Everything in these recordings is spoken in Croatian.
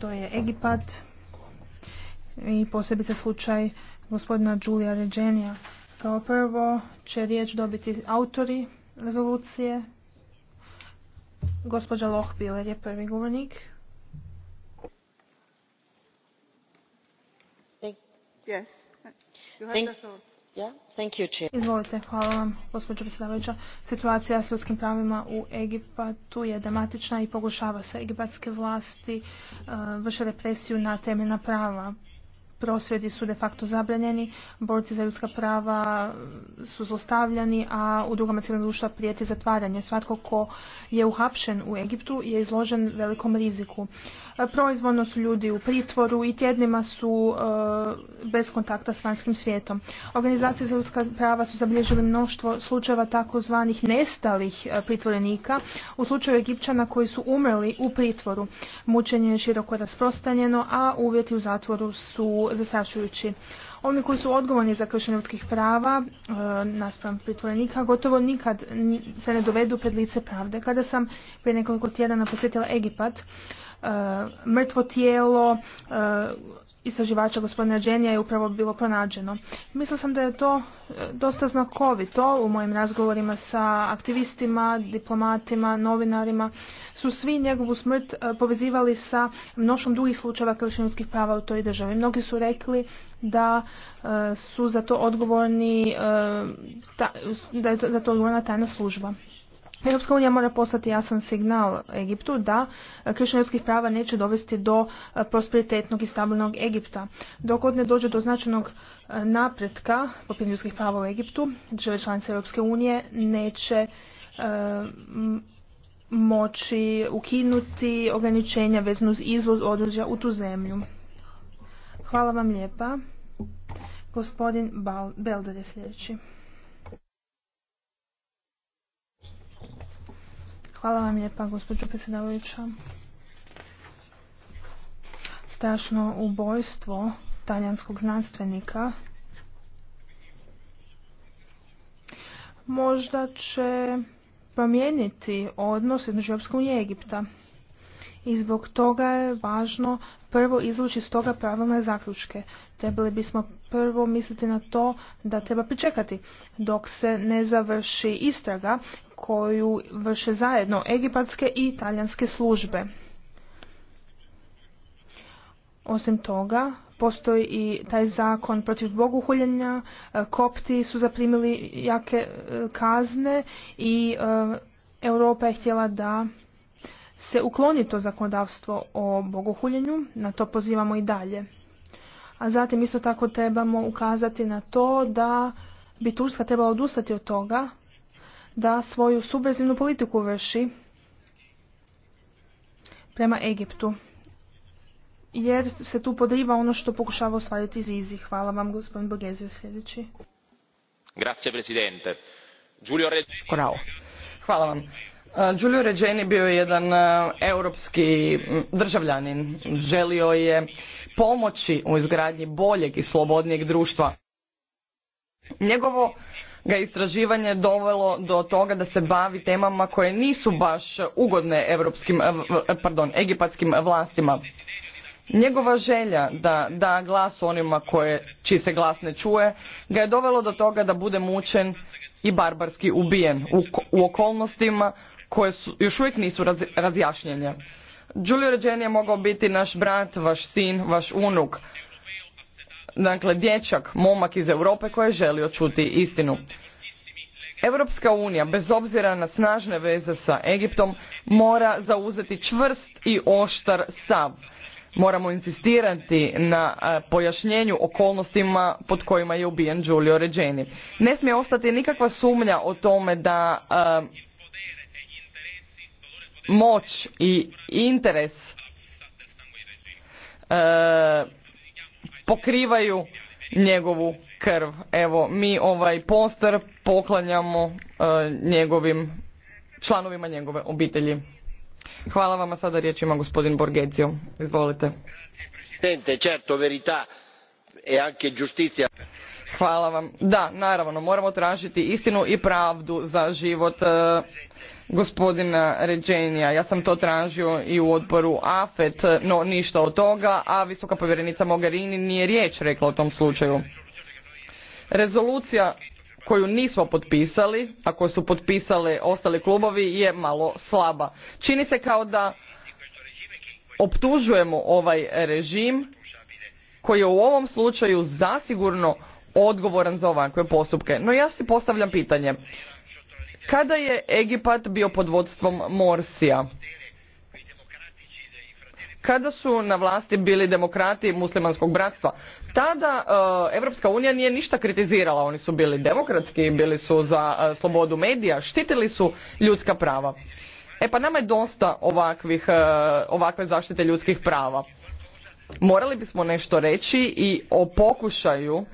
to je Egipat i posebice slučaj gospodina Giulia Ređenija. Kao prvo će riječ dobiti autori rezolucije. Gospođa Lohbiler je prvi govornik. Thank, yes. Izvolite, hvala gospođo predsjedavajuća. Situacija s ljudskim pravima u Egipatu je dramatična i pogoršava se. Egipatske vlasti eh, vrše represiju na temeljna prava prosvjedi su de facto zabranjeni, borci za ljudska prava su zlostavljani, a u drugama civilnog društva prijeti zatvaranje. Svatko ko je uhapšen u Egiptu je izložen velikom riziku. E, Proizvodno su ljudi u pritvoru i tjednima su e, bez kontakta s vanjskim svijetom. Organizacije za ljudska prava su zabilježili mnoštvo slučajeva takozvanih nestalih e, pritvorenika u slučaju Egipćana koji su umrli u pritvoru. Mučenje je široko rasprostanjeno, a uvjeti u zatvoru su zastrašujući. Oni koji su odgovorni za kršenje ljudskih prava e, naspram pritvorenika gotovo nikad se ne dovedu pred lice pravde. Kada sam prije nekoliko tjedana posjetila Egipat, e, mrtvo tijelo, e, istraživača gospodina Đenija je upravo bilo pronađeno. Mislila sam da je to e, dosta znakovito u mojim razgovorima sa aktivistima, diplomatima, novinarima. Su svi njegovu smrt e, povezivali sa mnošom drugih slučajeva kršenjskih prava u toj državi. Mnogi su rekli da e, su za to odgovorni, da je za to odgovorna tajna služba. Europska unija mora poslati jasan signal Egiptu da kršenje ljudskih prava neće dovesti do e, prosperitetnog i stabilnog Egipta. Dok god ne dođe do značajnog e, napretka po ljudskih prava u Egiptu, države članice Europske unije neće e, moći ukinuti ograničenja vezano uz izvoz oružja u tu zemlju. Hvala vam lijepa. Gospodin Belder je sljedeći. Hvala vam lijepa, gospođo predsjedavajuća. Strašno ubojstvo talijanskog znanstvenika možda će promijeniti odnos između Europske i Egipta i zbog toga je važno prvo izvući iz toga pravilne zaključke. Trebali bismo prvo misliti na to da treba pričekati dok se ne završi istraga koju vrše zajedno egipatske i talijanske službe. Osim toga, postoji i taj zakon protiv boguhuljenja, e, kopti su zaprimili jake e, kazne i e, Europa je htjela da se ukloni to zakonodavstvo o bogohuljenju, na to pozivamo i dalje. A zatim isto tako trebamo ukazati na to da bi Turska trebala odustati od toga da svoju subvezivnu politiku vrši prema Egiptu. Jer se tu podriva ono što pokušava ostvariti Zizi. Hvala vam gospodin Bogezio sljedeći. Grazie presidente. Giulio Reggio. Hvala vam. Eh, Giulio Regeni bio je jedan eh, europski mm, državljanin. Želio je pomoći u izgradnji boljeg i slobodnijeg društva. Njegovo ga istraživanje dovelo do toga da se bavi temama koje nisu baš ugodne europskim, eh, pardon, egipatskim vlastima. Njegova želja da da glas onima koje, čiji se glas ne čuje, ga je dovelo do toga da bude mučen i barbarski ubijen u okolnostima koje su, još uvijek nisu raz, razjašnjenje. Giulio Regeni je mogao biti naš brat, vaš sin, vaš unuk. Dakle, dječak, momak iz Europe koji je želio čuti istinu. Europska unija, bez obzira na snažne veze sa Egiptom, mora zauzeti čvrst i oštar stav. Moramo insistirati na e, pojašnjenju okolnostima pod kojima je ubijen Giulio Regeni. Ne smije ostati nikakva sumnja o tome da e, moć i interes e, pokrivaju njegovu krv. Evo, mi ovaj poster poklanjamo e, njegovim članovima njegove obitelji. Hvala vam, sada riječ ima gospodin Borgezio. Izvolite. Certo, e anche giustizia. Hvala vam. Da, naravno, moramo tražiti istinu i pravdu za život e, gospodina Ređenija. Ja sam to tražio i u odboru AFET, no ništa od toga, a visoka povjerenica Mogherini nije riječ rekla o tom slučaju. Rezolucija koju nismo potpisali, a koju su potpisali ostali klubovi, je malo slaba. Čini se kao da optužujemo ovaj režim koji je u ovom slučaju zasigurno odgovoran za ovakve postupke. No ja si postavljam pitanje, kada je Egipat bio pod vodstvom Morsija. Kada su na vlasti bili demokrati muslimanskog bratstva, tada e, Evropska unija nije ništa kritizirala. Oni su bili demokratski, bili su za e, slobodu medija, štitili su ljudska prava. E pa nama je dosta ovakvih, e, ovakve zaštite ljudskih prava. Morali bismo nešto reći i o pokušaju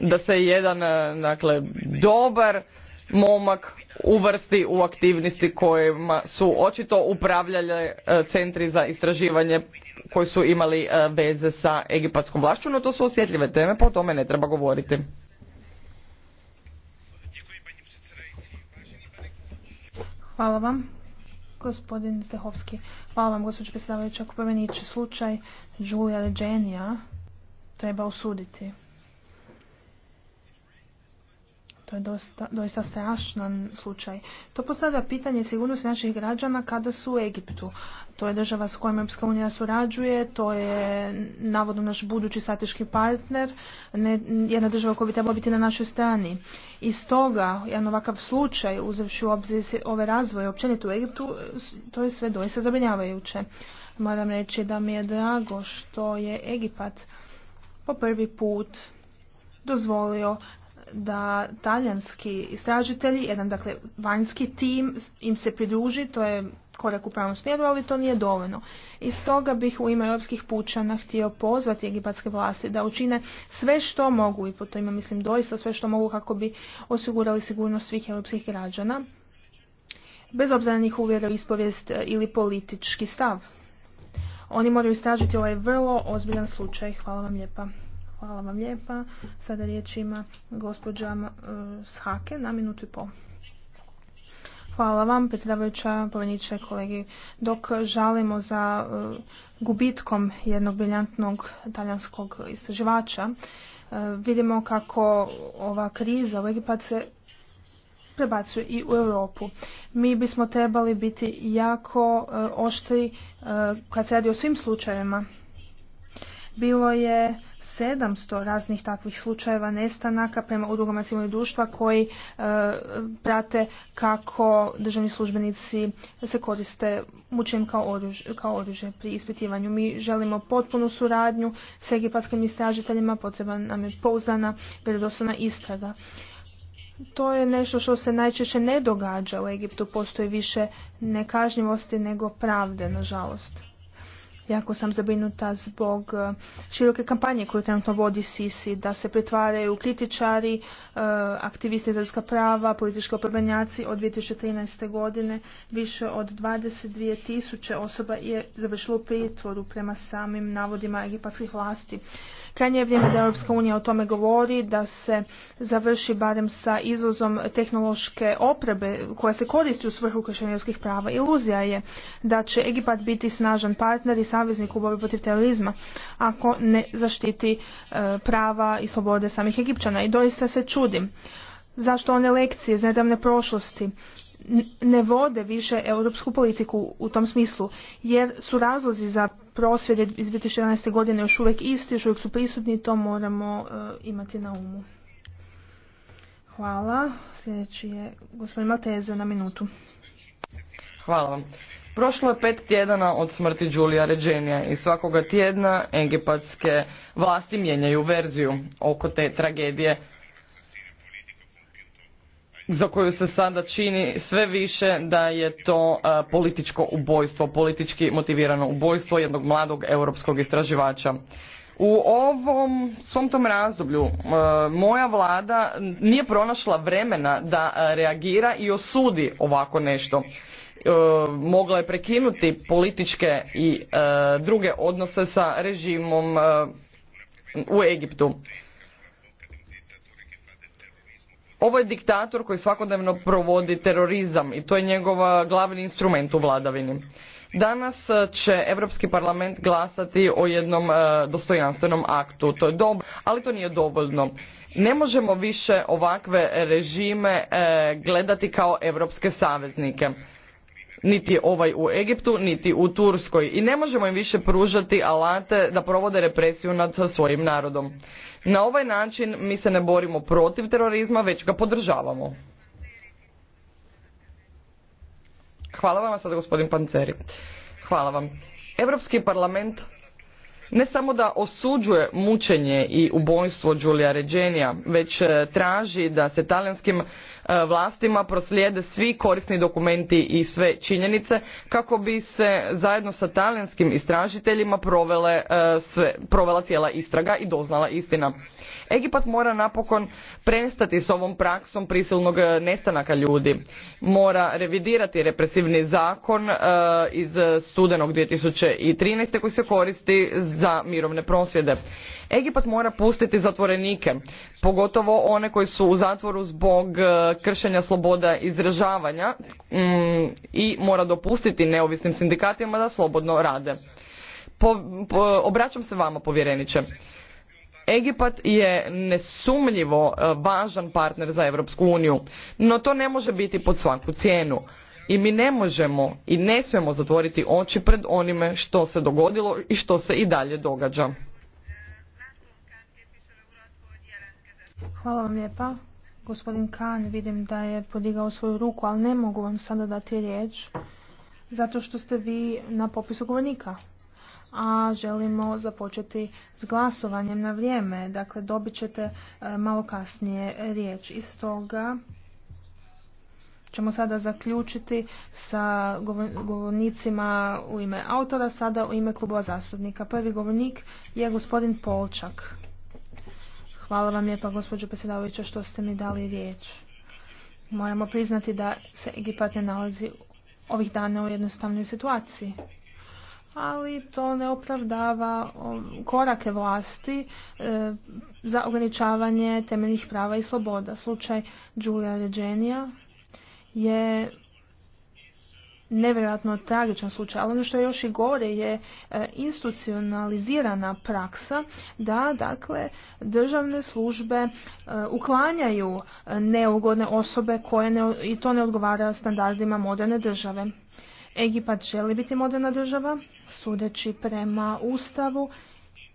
da se jedan e, dakle, dobar momak uvrsti u aktivnosti kojima su očito upravljale centri za istraživanje koji su imali e, veze sa egipatskom vlašću, no to su osjetljive teme, pa o tome ne treba govoriti. Hvala vam. Gospodin Zdehovski. Hvala vam, gospođo predsjedavajuća. Ako slučaj Julia Regenija treba osuditi. je dosta, doista strašan slučaj. To postavlja pitanje sigurnosti naših građana kada su u Egiptu. To je država s kojom Europska unija surađuje, to je navodno naš budući strateški partner, ne, jedna država koja bi trebala biti na našoj strani. I stoga, jedan ovakav slučaj, uzevši u obzir ove razvoje općenito u Egiptu, to je sve doista zabrinjavajuće. Moram reći da mi je drago što je Egipat po prvi put dozvolio da talijanski istražitelji, jedan dakle vanjski tim im se pridruži, to je korak u pravom smjeru, ali to nije dovoljno. I stoga bih u ime europskih pučana htio pozvati egipatske vlasti da učine sve što mogu, i po to ima mislim doista sve što mogu kako bi osigurali sigurnost svih europskih građana, bez obzira na njih uvjeru, ispovijest e, ili politički stav. Oni moraju istražiti ovaj vrlo ozbiljan slučaj. Hvala vam lijepa. Hvala vam lijepa. Sada riječ ima gospođa e, Shake na minutu i pol. Hvala vam, predsjedavajuća, poveniče, kolegi. Dok žalimo za e, gubitkom jednog briljantnog talijanskog istraživača, e, vidimo kako ova kriza u Egipat se prebacuje i u Europu. Mi bismo trebali biti jako oštri kad se radi o svim slučajevima. Bilo je 700 raznih takvih slučajeva nestanaka prema udrugama civilnog društva koji e, prate kako državni službenici se koriste mučenjem kao oružje, pri ispitivanju. Mi želimo potpunu suradnju s egipatskim istražiteljima, potreba nam je pouzdana, vjerodostojna istraga. To je nešto što se najčešće ne događa u Egiptu, postoji više nekažnjivosti nego pravde, nažalost jako sam zabrinuta zbog e, široke kampanje koju trenutno vodi Sisi, da se pretvaraju kritičari, e, aktivisti za ljudska prava, politički oprobenjaci od 2013. godine. Više od 22 tisuće osoba je završilo u pritvoru prema samim navodima egipatskih vlasti. Krajnje je vrijeme da Europska unija o tome govori, da se završi barem sa izvozom tehnološke oprebe koja se koristi u svrhu kršenja prava. Iluzija je da će Egipat biti snažan partner i saveznik u borbi protiv terorizma ako ne zaštiti e, prava i slobode samih Egipćana. I doista se čudim zašto one lekcije iz nedavne prošlosti ne vode više europsku politiku u tom smislu, jer su razlozi za prosvjede iz 2011. godine još uvijek isti, još uvijek su prisutni i to moramo e, imati na umu. Hvala. Sljedeći je gospodin Mateze na minutu. Hvala vam. Prošlo je pet tjedana od smrti Đulija Ređenija i svakoga tjedna egipatske vlasti mijenjaju verziju oko te tragedije za koju se sada čini sve više da je to političko ubojstvo, politički motivirano ubojstvo jednog mladog europskog istraživača. U ovom svom tom razdoblju moja vlada nije pronašla vremena da reagira i osudi ovako nešto. E, mogla je prekinuti političke i druge odnose sa režimom u Egiptu. Ovo je diktator koji svakodnevno provodi terorizam i to je njegov glavni instrument u vladavini. Danas će Europski parlament glasati o jednom dostojanstvenom aktu, to je dobro, ali to nije dovoljno. Ne možemo više ovakve režime e, gledati kao europske saveznike niti ovaj u Egiptu, niti u Turskoj i ne možemo im više pružati alate da provode represiju nad svojim narodom. Na ovaj način mi se ne borimo protiv terorizma, već ga podržavamo. Hvala vam sada gospodin Panceri. Hvala vam. Europski parlament ne samo da osuđuje mučenje i ubojstvo Đulija Ređenija, već eh, traži da se talijanskim E, vlastima proslijede svi korisni dokumenti i sve činjenice kako bi se zajedno sa talijanskim istražiteljima e, provela cijela istraga i doznala istina. Egipat mora napokon prestati s ovom praksom prisilnog e, nestanaka ljudi. Mora revidirati represivni zakon e, iz studenog 2013. koji se koristi za mirovne prosvjede. Egipat mora pustiti zatvorenike, pogotovo one koji su u zatvoru zbog e, kršenja sloboda izražavanja mm, i mora dopustiti neovisnim sindikatima da slobodno rade. obraćam se vama povjereniče Egipat je nesumljivo e, važan partner za Europsku uniju, no to ne može biti pod svaku cijenu. I mi ne možemo i ne smijemo zatvoriti oči pred onime što se dogodilo i što se i dalje događa. Hvala vam lijepa. Gospodin Kan, vidim da je podigao svoju ruku, ali ne mogu vam sada dati riječ, zato što ste vi na popisu govornika a želimo započeti s glasovanjem na vrijeme. Dakle, dobit ćete e, malo kasnije riječ. Iz toga ćemo sada zaključiti sa govornicima u ime autora, sada u ime klubova zastupnika. Prvi govornik je gospodin Polčak. Hvala vam lijepa gospođo predsjedavajuća što ste mi dali riječ. Moramo priznati da se Egipat ne nalazi ovih dana u jednostavnoj situaciji ali to ne opravdava um, korake vlasti e, za ograničavanje temeljnih prava i sloboda. Slučaj Julia Regenia je nevjerojatno tragičan slučaj, ali ono što je još i gore je e, institucionalizirana praksa da dakle državne službe e, uklanjaju neugodne osobe koje ne, i to ne odgovara standardima moderne države. Egipat želi biti moderna država, sudeći prema Ustavu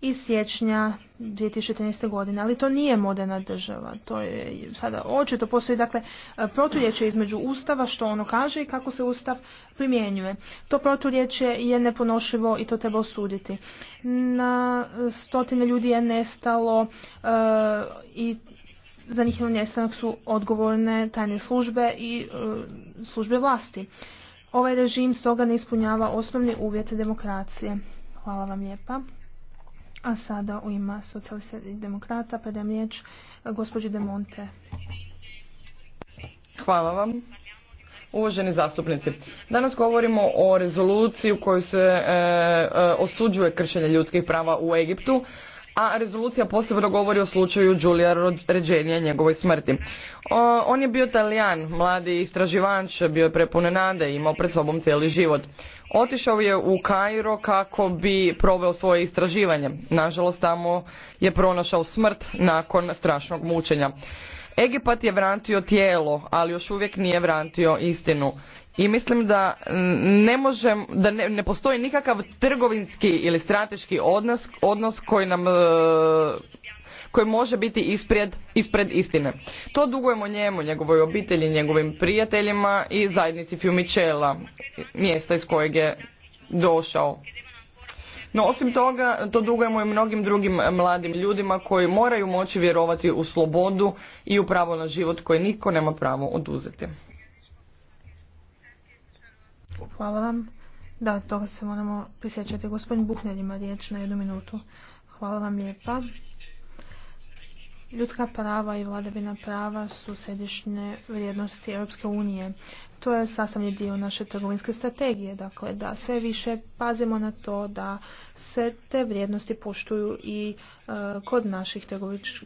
iz siječnja 2013. godine, ali to nije moderna država. To je sada očito postoji dakle proturječje između Ustava što ono kaže i kako se Ustav primjenjuje. To proturječje je neponošljivo i to treba osuditi. Na stotine ljudi je nestalo eh, i za njihov nestanak su odgovorne tajne službe i eh, službe vlasti. Ovaj režim stoga ne ispunjava osnovni uvjete demokracije. Hvala vam lijepa. A sada u ima socijalista i demokrata predajem riječ e, gospođi De Monte. Hvala vam. Uvaženi zastupnici, danas govorimo o rezoluciji u kojoj se e, e, osuđuje kršenje ljudskih prava u Egiptu, a rezolucija posebno govori o slučaju Giulia Ređenija i njegovoj smrti. on je bio talijan, mladi istraživač, bio je prepune nade i imao pred sobom cijeli život. Otišao je u Kairo kako bi proveo svoje istraživanje. Nažalost, tamo je pronašao smrt nakon strašnog mučenja. Egipat je vratio tijelo, ali još uvijek nije vratio istinu i mislim da ne možem, da ne, postoji nikakav trgovinski ili strateški odnos, odnos koji nam e, koji može biti ispred, ispred istine. To dugujemo njemu, njegovoj obitelji, njegovim prijateljima i zajednici Fiumicella, mjesta iz kojeg je došao. No osim toga, to dugujemo i mnogim drugim mladim ljudima koji moraju moći vjerovati u slobodu i u pravo na život koje niko nema pravo oduzeti. Hvala vam. Da, toga se moramo prisjećati. Gospodin Buhner ima riječ na jednu minutu. Hvala vam lijepa. Ljudska prava i vladavina prava su središnje vrijednosti Europske unije. To je sastavni dio naše trgovinske strategije, dakle da sve više pazimo na to da se te vrijednosti poštuju i e, kod naših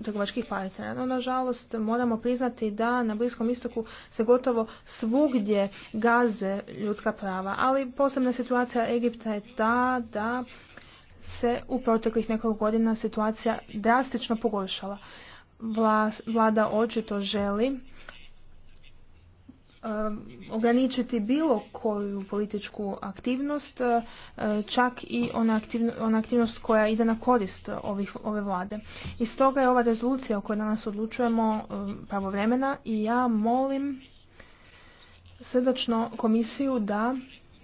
trgovačkih partnera. No, nažalost, moramo priznati da na Bliskom istoku se gotovo svugdje gaze ljudska prava, ali posebna situacija Egipta je ta da se u proteklih nekoliko godina situacija drastično pogoršala vlada očito želi um, ograničiti bilo koju političku aktivnost, uh, čak i ona, aktivnost koja ide na korist ovih, ove vlade. I stoga je ova rezolucija o kojoj danas odlučujemo um, pravovremena i ja molim srdačno komisiju da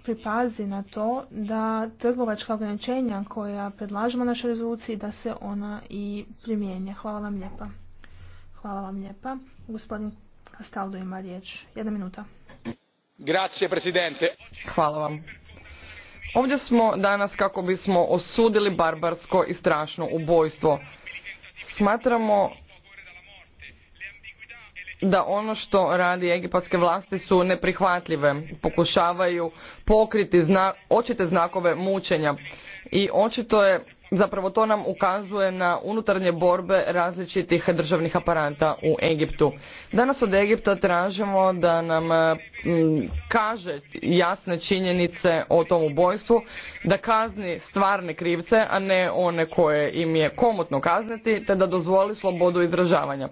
pripazi na to da trgovačka ograničenja koja predlažemo našoj rezoluciji da se ona i primjenje Hvala vam lijepa. Hvala vam lijepa. Gospodin Castaldo ima riječ. Jedna minuta. Grazie, presidente. Hvala vam. Ovdje smo danas kako bismo osudili barbarsko i strašno ubojstvo. Smatramo da ono što radi egipatske vlasti su neprihvatljive. Pokušavaju pokriti očite znakove mučenja. I očito je zapravo to nam ukazuje na unutarnje borbe različitih državnih aparata u Egiptu. Danas od Egipta tražimo da nam e, kaže jasne činjenice o tom ubojstvu, da kazni stvarne krivce, a ne one koje im je komotno kazniti, te da dozvoli slobodu izražavanja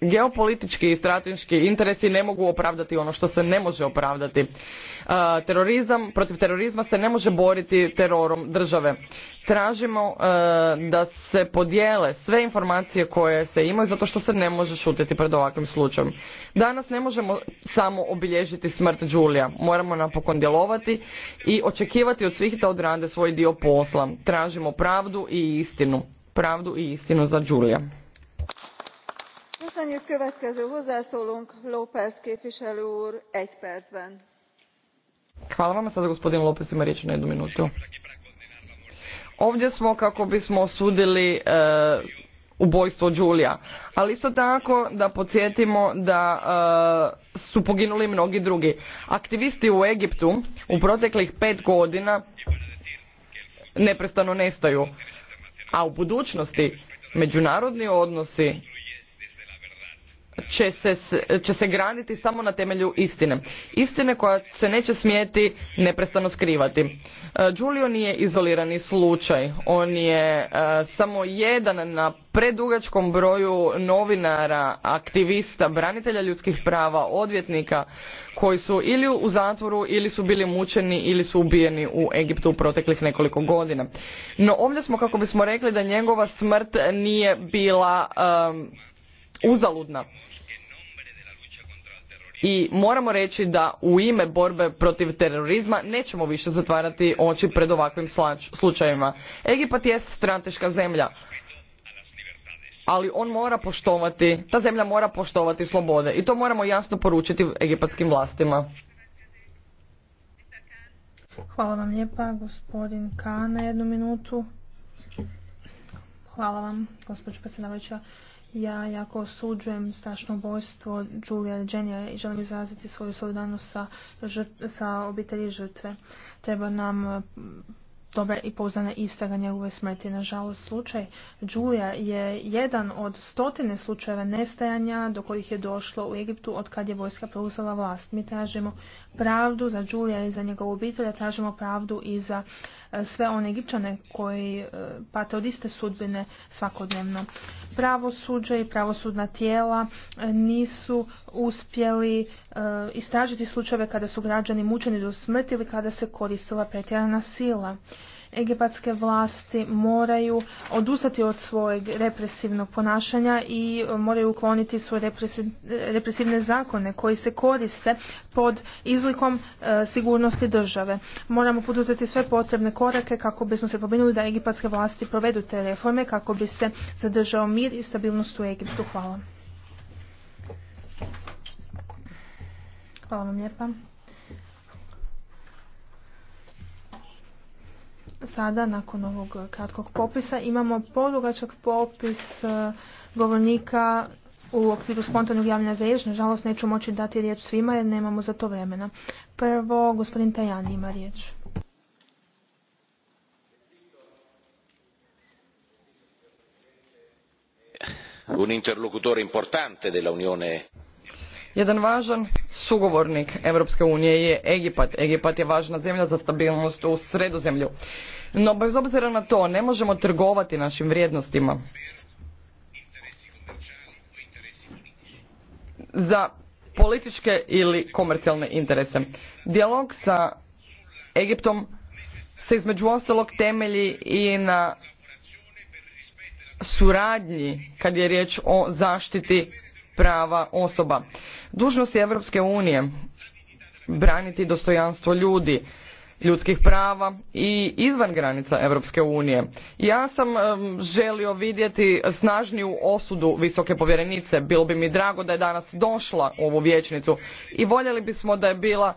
geopolitički i strateški interesi ne mogu opravdati ono što se ne može opravdati. Uh, terorizam, protiv terorizma se ne može boriti terorom države. Tražimo uh, da se podijele sve informacije koje se imaju zato što se ne može šutiti pred ovakvim slučajem. Danas ne možemo samo obilježiti smrt Đulija. Moramo napokon djelovati i očekivati od svih da odrade svoj dio posla. Tražimo pravdu i istinu. Pravdu i istinu za Đulija gospodin minutu. Ovdje smo kako bismo osudili e, ubojstvo Đulija, ali isto tako da podsjetimo da e, su poginuli mnogi drugi. Aktivisti u Egiptu u proteklih pet godina neprestano nestaju, a u budućnosti međunarodni odnosi će se, graditi graniti samo na temelju istine. Istine koja se neće smijeti neprestano skrivati. E, Giulio nije izolirani slučaj. On je e, samo jedan na predugačkom broju novinara, aktivista, branitelja ljudskih prava, odvjetnika koji su ili u zatvoru ili su bili mučeni ili su ubijeni u Egiptu u proteklih nekoliko godina. No ovdje smo kako bismo rekli da njegova smrt nije bila e, uzaludna. I moramo reći da u ime borbe protiv terorizma nećemo više zatvarati oči pred ovakvim slučajevima. Egipat je strateška zemlja, ali on mora poštovati, ta zemlja mora poštovati slobode i to moramo jasno poručiti egipatskim vlastima. Hvala vam lijepa, gospodin K. na jednu minutu. Hvala vam, gospođo predsjedavajuća. Ja jako osuđujem strašno ubojstvo Julia i želim izraziti svoju solidarnost sa, žrt, sa obitelji žrtve. Treba nam dobre i poznana istraga njegove smrti. Nažalost, slučaj Đulija je jedan od stotine slučajeva nestajanja do kojih je došlo u Egiptu od kad je vojska preuzela vlast. Mi tražimo pravdu za Đulija i za njegovu obitelja, tražimo pravdu i za e, sve one Egipćane koji e, pate od iste sudbine svakodnevno. Pravosuđe i pravosudna tijela e, nisu uspjeli istražiti slučajeve kada su građani mučeni do smrti ili kada se koristila pretjerana sila egipatske vlasti moraju odustati od svojeg represivnog ponašanja i moraju ukloniti svoje represivne zakone koji se koriste pod izlikom e, sigurnosti države. Moramo poduzeti sve potrebne korake kako bismo se pobrinuli da egipatske vlasti provedu te reforme kako bi se zadržao mir i stabilnost u Egiptu. Hvala. Hvala vam lijepa. sada nakon ovog kratkog popisa imamo podugačak popis e, govornika u okviru spontanog javljanja za riječ. Nažalost neću moći dati riječ svima jer nemamo za to vremena. Prvo gospodin Tajani ima riječ. Un interlocutore importante della Unione jedan važan sugovornik Europske unije je Egipat. Egipat je važna zemlja za stabilnost u sredozemlju. No, bez obzira na to, ne možemo trgovati našim vrijednostima. Za političke ili komercijalne interese. Dijalog sa Egiptom se između ostalog temelji i na suradnji kad je riječ o zaštiti prava osoba. Dužnost je Europske unije braniti dostojanstvo ljudi, ljudskih prava i izvan granica Europske unije. Ja sam želio vidjeti snažniju osudu visoke povjerenice. Bilo bi mi drago da je danas došla u ovu vijećnicu i voljeli bismo da je bila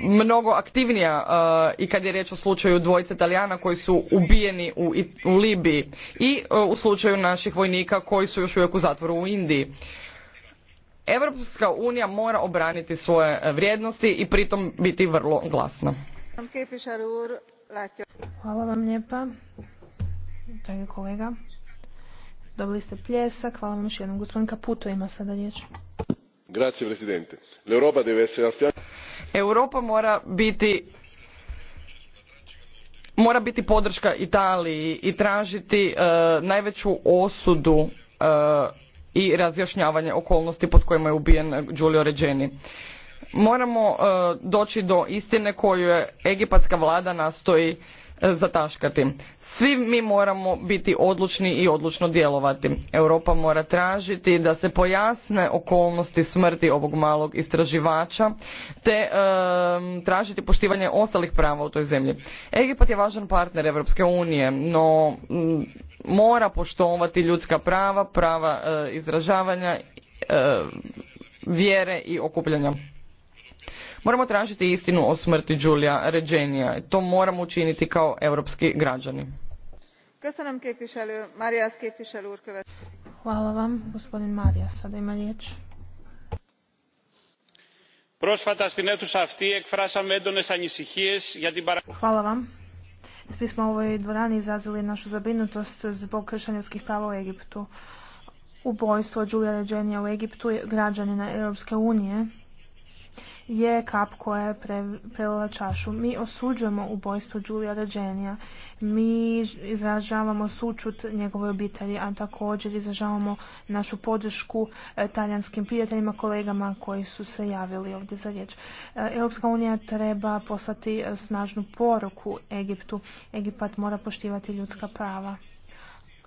mnogo aktivnija e, i kad je riječ o slučaju dvojice Talijana koji su ubijeni u, u Libiji i e, u slučaju naših vojnika koji su još uvijek u zatvoru u Indiji. Europska unija mora obraniti svoje e, vrijednosti i pritom biti vrlo glasna. Hvala vam lijepa, dragi kolega. Dobili ste pljesak, hvala vam još jednom. Gospodin Kaputo ima sada riječ. Grazie, Presidente. L'Europa deve essere al Europa mora biti mora biti podrška Italiji i tražiti uh, najveću osudu e, i razjašnjavanje okolnosti pod kojima je ubijen Giulio Regeni. Moramo e, doći do istine koju je egipatska vlada nastoji zataškati. Svi mi moramo biti odlučni i odlučno djelovati. Europa mora tražiti da se pojasne okolnosti smrti ovog malog istraživača te tražiti poštivanje ostalih prava u toj zemlji. Egipat je važan partner Europske unije, no mora poštovati ljudska prava, prava e, izražavanja, e, vjere i okupljanja. Moramo tražiti istinu o smrti Đulija Ređenija. To moramo učiniti kao europski građani. Hvala vam, gospodin Marija. Sada ima liječ. Hvala vam. Svi smo u ovoj dvorani izrazili našu zabrinutost zbog kršenja ljudskih prava u Egiptu. Ubojstvo Đulija Ređenija u Egiptu građanina Europske unije je kap koja je prelila čašu. Mi osuđujemo ubojstvo Đulija Rađenija, mi izražavamo sučut njegove obitelji, a također izražavamo našu podršku e, talijanskim prijateljima, kolegama koji su se javili ovdje za riječ. E, Europska unija treba poslati snažnu poruku Egiptu. Egipat mora poštivati ljudska prava.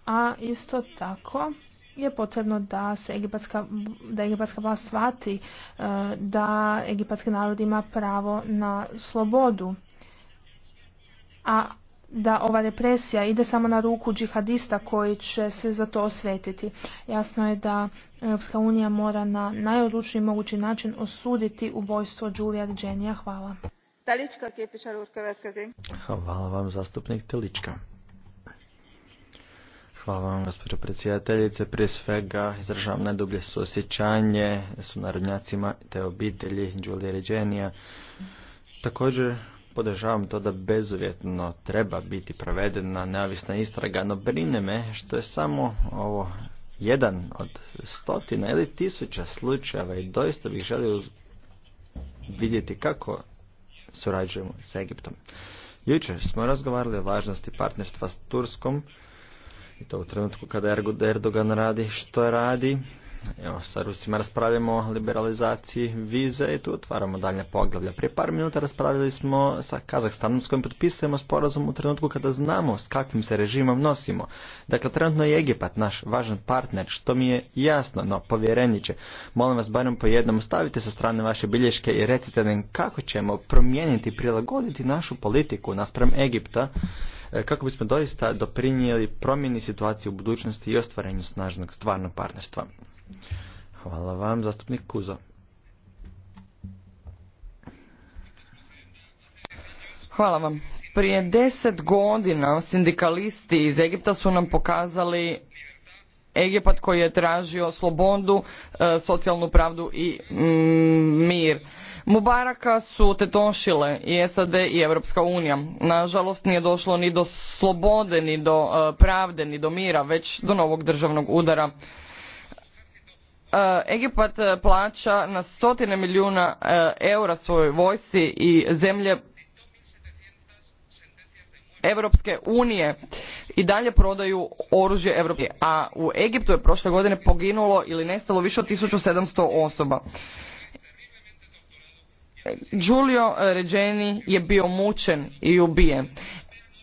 A isto tako je potrebno da se egipatska, da egipatska vlast shvati e, da egipatski narod ima pravo na slobodu, a da ova represija ide samo na ruku džihadista koji će se za to osvetiti. Jasno je da Europska unija mora na najodlučniji mogući način osuditi ubojstvo Đulija Đenija. Hvala. Hvala vam zastupnik Telička. Hvala vam, gospođo predsjedateljice. Prije svega izražavam najdublje suosjećanje su narodnjacima te obitelji Đulije Ređenija. Također podržavam to da bezuvjetno treba biti provedena neovisna istraga, no brine me što je samo ovo jedan od stotina ili tisuća slučajeva i doista bih želio vidjeti kako surađujemo s Egiptom. Jučer smo razgovarali o važnosti partnerstva s Turskom, i to u trenutku kada Erdogan radi što radi, Evo, sa Rusima raspravljamo o liberalizaciji vize i tu otvaramo dalje poglavlja. Prije par minuta raspravili smo sa Kazahstanom s kojim potpisujemo sporazum u trenutku kada znamo s kakvim se režimom nosimo. Dakle, trenutno je Egipat naš važan partner, što mi je jasno, no povjereniće, molim vas barem po jednom stavite sa strane vaše bilješke i recite nam kako ćemo promijeniti, prilagoditi našu politiku naspram Egipta e, kako bismo doista doprinijeli promjeni situacije u budućnosti i ostvarenju snažnog stvarnog partnerstva. Hvala vam, zastupnik Kuzo. Hvala vam. Prije deset godina sindikalisti iz Egipta su nam pokazali Egipat koji je tražio slobodu, e, socijalnu pravdu i mm, mir. Mubaraka su tetošile i SAD i Evropska unija. Nažalost nije došlo ni do slobode, ni do e, pravde, ni do mira, već do novog državnog udara. Eh, Egipat eh, plaća na stotine milijuna eh, eura svojoj vojsci i zemlje Europske unije i dalje prodaju oružje unije A u Egiptu je prošle godine poginulo ili nestalo više od 1700 osoba. Giulio Regeni je bio mučen i ubijen.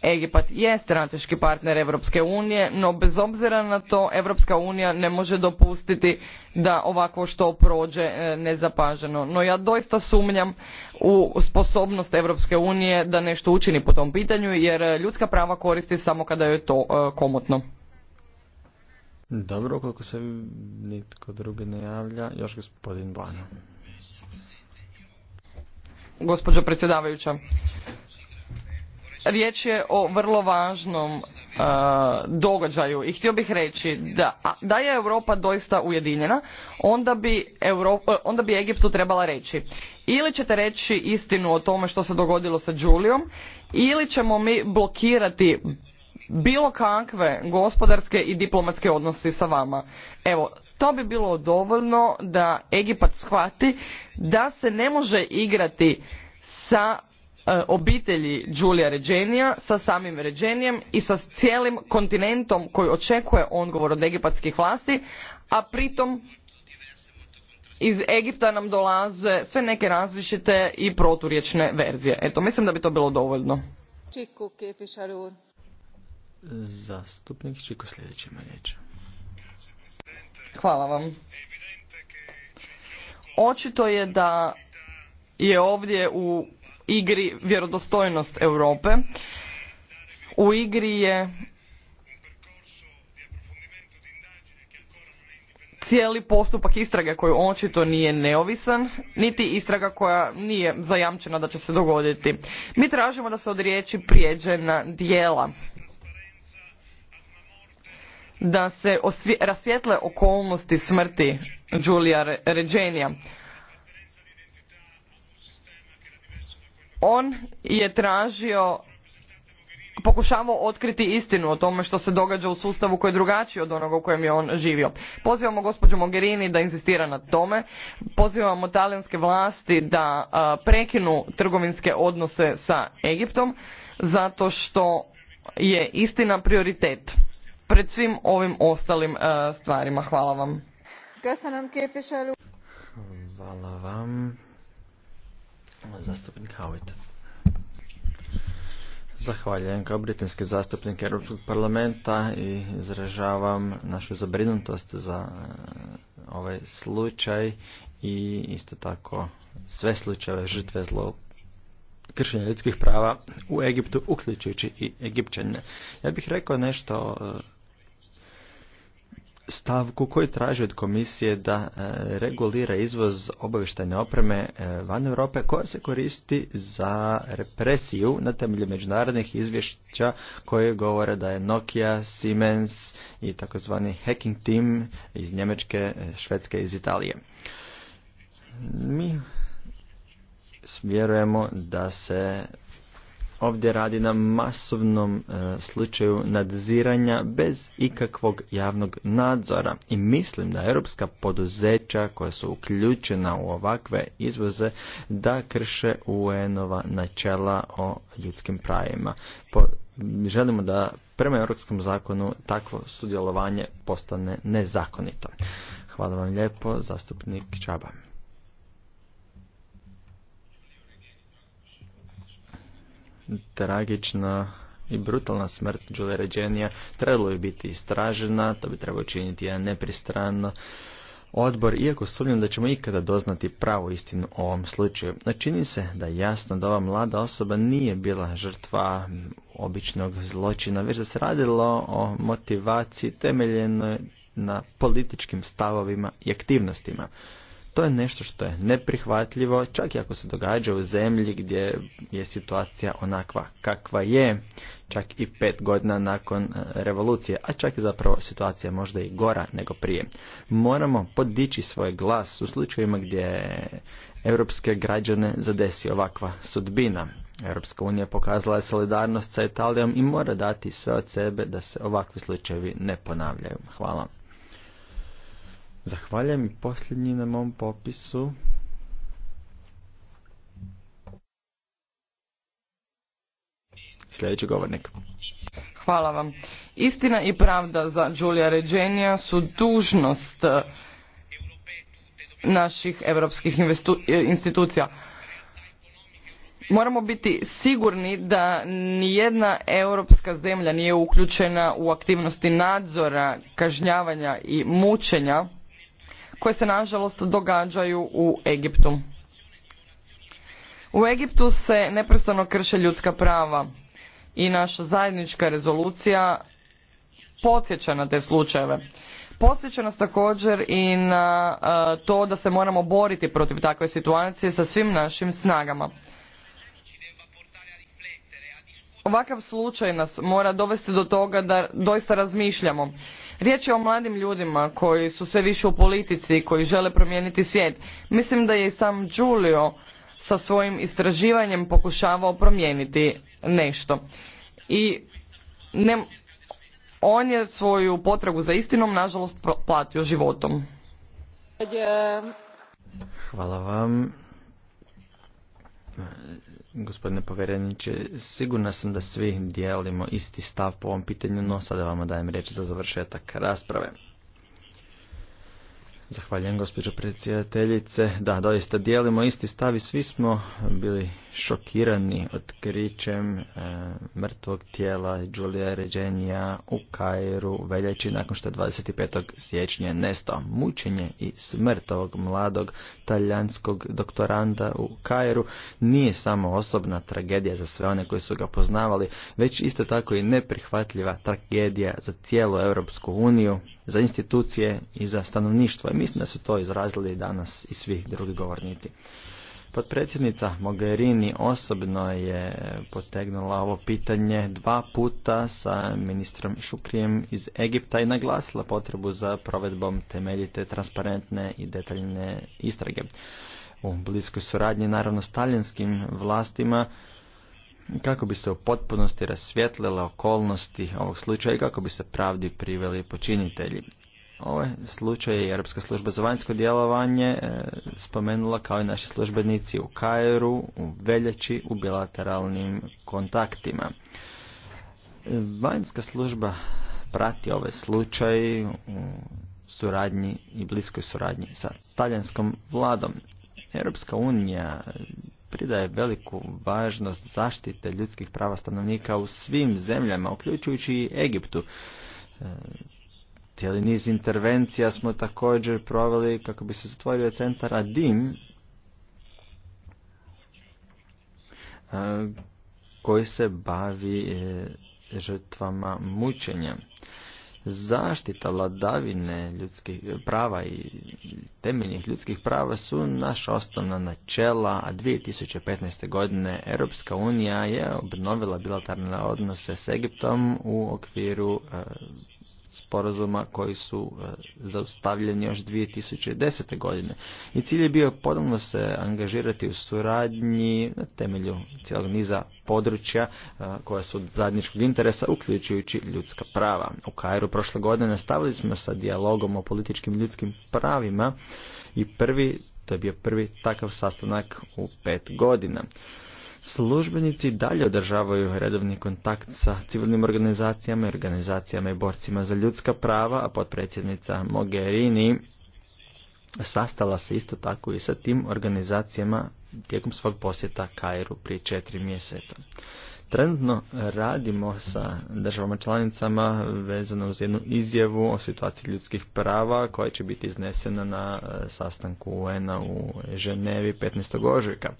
Egipat je strateški partner Europske unije, no bez obzira na to Europska unija ne može dopustiti da ovakvo što prođe e, nezapaženo. No ja doista sumnjam u sposobnost Europske unije da nešto učini po tom pitanju, jer e, ljudska prava koristi samo kada je to e, komotno. Dobro, koliko se nitko drugi ne javlja, još gospodin Gospođo predsjedavajuća, riječ je o vrlo važnom e, događaju i htio bih reći da, da je Europa doista ujedinjena, onda bi, e, onda bi Egiptu trebala reći ili ćete reći istinu o tome što se dogodilo sa Đulijom ili ćemo mi blokirati bilo kakve gospodarske i diplomatske odnose sa vama. Evo, to bi bilo dovoljno da Egipat shvati da se ne može igrati sa E, obitelji Đulija Ređenija sa samim Ređenijem i sa cijelim kontinentom koji očekuje odgovor od egipatskih vlasti, a pritom iz Egipta nam dolaze sve neke različite i proturječne verzije. Eto, mislim da bi to bilo dovoljno. Zastupnik Čiko sljedeći ima riječ. Hvala vam. Očito je da je ovdje u igri vjerodostojnost Europe. U igri je cijeli postupak istrage koji očito nije neovisan, niti istraga koja nije zajamčena da će se dogoditi. Mi tražimo da se od riječi prijeđe dijela da se rasvijetle okolnosti smrti Giulia Regenija. on je tražio pokušavao otkriti istinu o tome što se događa u sustavu koji je drugačiji od onoga u kojem je on živio. Pozivamo gospođu Mogherini da inzistira na tome, pozivamo talijanske vlasti da prekinu trgovinske odnose sa Egiptom zato što je istina prioritet pred svim ovim ostalim stvarima. Hvala vam. Hvala vam. Zastupnik Howitt. Zahvaljujem kao britanski zastupnik Europskog parlamenta i izražavam našu zabrinutost za e, ovaj slučaj i isto tako sve slučajeve žrtve zlo kršenja ljudskih prava u Egiptu, uključujući i Egipćane. Ja bih rekao nešto stavku koji traži od komisije da e, regulira izvoz obavještajne opreme e, van Europe koja se koristi za represiju na temelju međunarodnih izvješća koje govore da je Nokia, Siemens i takozvani hacking team iz Njemačke, e, Švedske iz Italije. Mi vjerujemo da se ovdje radi na masovnom e, slučaju nadziranja bez ikakvog javnog nadzora i mislim da europska poduzeća koja su uključena u ovakve izvoze da krše UN-ova načela o ljudskim pravima. želimo da prema europskom zakonu takvo sudjelovanje postane nezakonito. Hvala vam lijepo, zastupnik Čaba. tragična i brutalna smrt Đule Ređenija trebalo bi biti istražena, to bi trebao činiti jedan nepristran odbor, iako sumnjam da ćemo ikada doznati pravu istinu o ovom slučaju. No čini se da je jasno da ova mlada osoba nije bila žrtva običnog zločina, već da se radilo o motivaciji temeljenoj na političkim stavovima i aktivnostima. To je nešto što je neprihvatljivo, čak i ako se događa u zemlji gdje je situacija onakva kakva je, čak i pet godina nakon e, revolucije, a čak i zapravo situacija možda i gora nego prije. Moramo podići svoj glas u slučajevima gdje europske građane zadesi ovakva sudbina. Europska unija pokazala je solidarnost sa Italijom i mora dati sve od sebe da se ovakvi slučajevi ne ponavljaju. Hvala. Zahvaljujem i posljednji na mom popisu. Sljedeći govornik. Hvala vam. Istina i pravda za Giulia Regenija su dužnost eh, naših europskih eh, institucija. Moramo biti sigurni da nijedna europska zemlja nije uključena u aktivnosti nadzora, kažnjavanja i mučenja koje se nažalost događaju u Egiptu. U Egiptu se neprestano krše ljudska prava i naša zajednička rezolucija podsjeća na te slučajeve. Podsjeća nas također i na e, to da se moramo boriti protiv takve situacije sa svim našim snagama. Ovakav slučaj nas mora dovesti do toga da doista razmišljamo Riječ je o mladim ljudima koji su sve više u politici i koji žele promijeniti svijet. Mislim da je i sam Giulio sa svojim istraživanjem pokušavao promijeniti nešto. I on je svoju potragu za istinom nažalost platio životom. Hvala vam. Gospodine povjereniče, sigurno sam da svi dijelimo isti stav po ovom pitanju, no sada vam dajem riječ za završetak rasprave. Zahvaljujem gospođo predsjedateljice. Da, doista dijelimo isti stav i svi smo bili šokirani otkrićem e, mrtvog tijela Giulia Ređenija u Kairu veljači nakon što je 25. siječnja nestao mučenje i smrt mladog talijanskog doktoranda u Kairu nije samo osobna tragedija za sve one koji su ga poznavali, već isto tako i neprihvatljiva tragedija za cijelu Europsku uniju, za institucije i za stanovništvo. I mislim da su to izrazili danas i svi drugi govornici. Potpredsjednica Mogherini osobno je potegnula ovo pitanje dva puta sa ministrom Šukrijem iz Egipta i naglasila potrebu za provedbom temeljite, transparentne i detaljne istrage. U bliskoj suradnji naravno s talijanskim vlastima kako bi se u potpunosti rasvjetlile okolnosti ovog slučaja i kako bi se pravdi priveli počinitelji. Ovaj slučaj je Europska služba za vanjsko djelovanje e, spomenula kao i naši službenici u Kajeru, u Veljači, u bilateralnim kontaktima. Vanjska služba prati ovaj slučaj u suradnji i bliskoj suradnji sa talijanskom vladom. Europska unija pridaje veliku važnost zaštite ljudskih prava stanovnika u svim zemljama, uključujući i Egiptu. E, cijeli niz intervencija smo također proveli kako bi se zatvorio centar Adim, e, koji se bavi e, žrtvama mučenja zaštita vladavine ljudskih prava i temeljnih ljudskih prava su naša osnovna načela, a 2015. godine Europska unija je obnovila bilateralne odnose s Egiptom u okviru e, sporazuma koji su e, zaustavljeni još 2010. godine. I cilj je bio ponovno se angažirati u suradnji na temelju cijelog niza područja e, koja su od zadnjičkog interesa, uključujući ljudska prava. U Kairu prošle godine nastavili smo sa dijalogom o političkim ljudskim pravima i prvi, to je bio prvi takav sastanak u pet godina službenici dalje održavaju redovni kontakt sa civilnim organizacijama i organizacijama i borcima za ljudska prava, a potpredsjednica Mogherini sastala se isto tako i sa tim organizacijama tijekom svog posjeta Kairu prije četiri mjeseca. Trenutno radimo sa državama članicama vezano uz jednu izjavu o situaciji ljudskih prava koja će biti iznesena na e, sastanku UN-a u Ženevi 15. ožujka.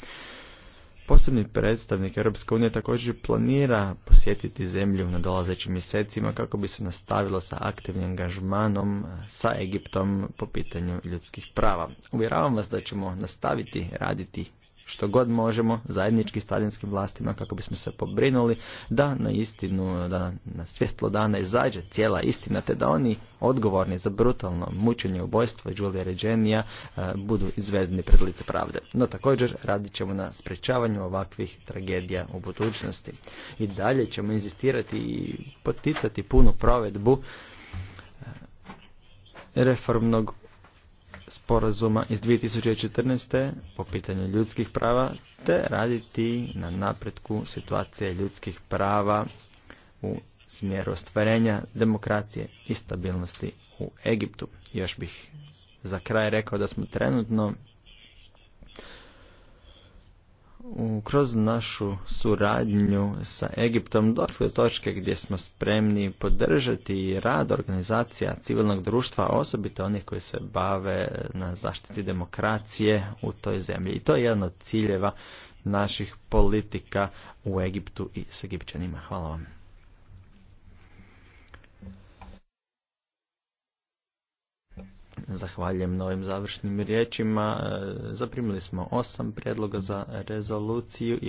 Posebni predstavnik Europske unije također planira posjetiti zemlju na dolazećim mjesecima kako bi se nastavilo sa aktivnim angažmanom sa Egiptom po pitanju ljudskih prava. Uvjeravam vas da ćemo nastaviti raditi što god možemo zajednički s talijanskim vlastima kako bismo se pobrinuli da na istinu, da na svjetlo dana izađe cijela istina te da oni odgovorni za brutalno mučenje ubojstva Đulija Ređenija e, budu izvedeni pred lice pravde. No također radit ćemo na sprečavanju ovakvih tragedija u budućnosti. I dalje ćemo inzistirati i poticati punu provedbu e, reformnog sporazuma iz 2014. po pitanju ljudskih prava te raditi na napretku situacije ljudskih prava u smjeru ostvarenja demokracije i stabilnosti u Egiptu. Još bih za kraj rekao da smo trenutno kroz našu suradnju sa Egiptom došli do točke gdje smo spremni podržati rad organizacija civilnog društva, osobito onih koji se bave na zaštiti demokracije u toj zemlji. I to je jedan od ciljeva naših politika u Egiptu i s Egipćanima. Hvala vam. Zahvaljujem na ovim završnim riječima. E, zaprimili smo osam prijedloga za rezoluciju i